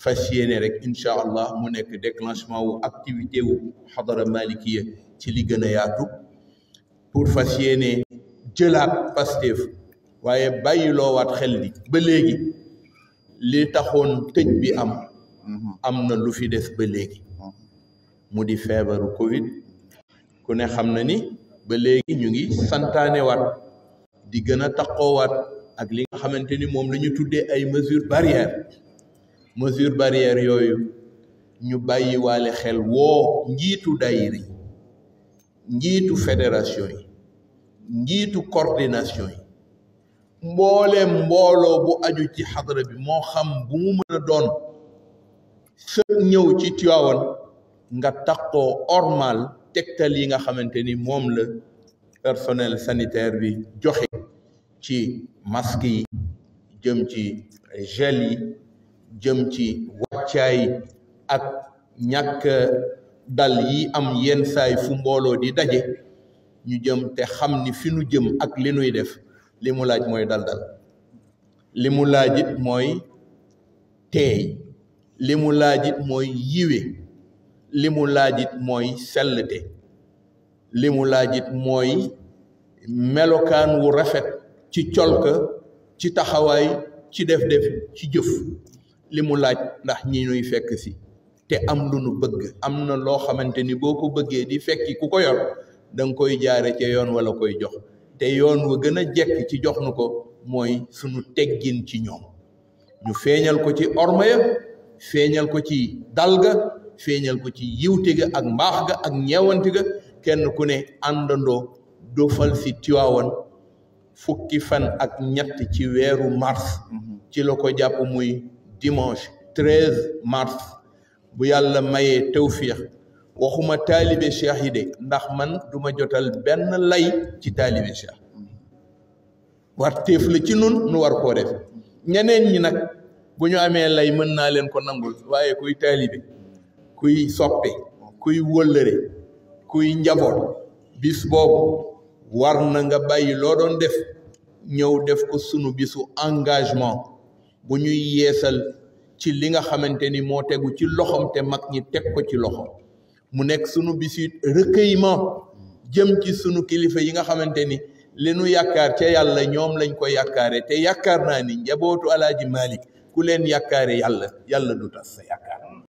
fasiyene rek insha allah mu nek déclenchement wu activité wu hadara malikiyya ci li gëna yaatu pour fas yéene jëlaat Pastef waaye wat xel li ba légui li taxone tejj bi am amna lu fi def ba légui mu di feebaru covid ku ne xamna ni ba légui ñu ngi santane wat di gëna taxo wat ak li nga xamanteni mom lañu tuddé ay mesures barrières mesure barrière yooyu ñu bàyyiwaale xel woo njiitu daayira yi njiitu fédération yi njiitu coordination yi mbooleem mbooloo bu aju ci xadara bi moo xam bu mu mën doon fépp ñëw ci Tiwaawan nga takkoo ormal tegtal yi nga xamante ni moom la personnel sanitaire bi joxe ci masque yi jëm ci gel yi jëm ci wàccaay ak ñàkk dal yi am yenn saay fu mbooloo di daje ñu jëm te xam ni fi nu jëm ak li nuy def li mu laaj mooy dal dal li mu laajit mooy teey li mu laajit mooy yiwe li mu laajit mooy sellte li mu laajit mooy melokaan wu rafet ci colka ci taxawaay ci def-def ci jëf li mu laaj ndax ñi ñuy fekk si te am lu nu bëgg am na loo xamante ni boo ko bëggee di fekki ku ko yor danga koy jaare ca yoon wala koy jox te yoon wa gën a jekk ci jox nu ko mooy sunu teggin ci ñoom ñu feeñal ko ci orma ya feeñal ko ci dalga feeñal ko ci yiwte ga ak mbaax ga ak ñeewante ga kenn ku ne àndandoo dofal si Tiwaawan fukki fan ak ñett ci weeru mars mm-hmm. ci la ko jàpp muy dimanche 13 mars bu yàlla mayee tew tawfiix waxuma taalibe cheikh yi de ndax man duma jotal benn lay ci taalibe cheikh war téef ci nun nu war koo def ñeneen ñi nag bu ñu amee lay mën naa leen ko nangul waaye kuy taalibe kuy soppe kuy wëllëre kuy njaboot bis boobu war na nga bàyyi loo doon def ñëw def ko sunu bisu engagement bu ñuy yeesal ci li nga xamante ni moo tegu ci loxom te mag ñi teg ko ci loxoom mu nekk sunu bisi recueillement jëm ci sunu kilifa yi nga xamante ni li nu yaakaar ca yàlla ñoom lañ ko yaakaare te yaakaar naa ni njabootu alaaji Malik ku leen yaakaare yàlla yàlla du tas sa yaakaar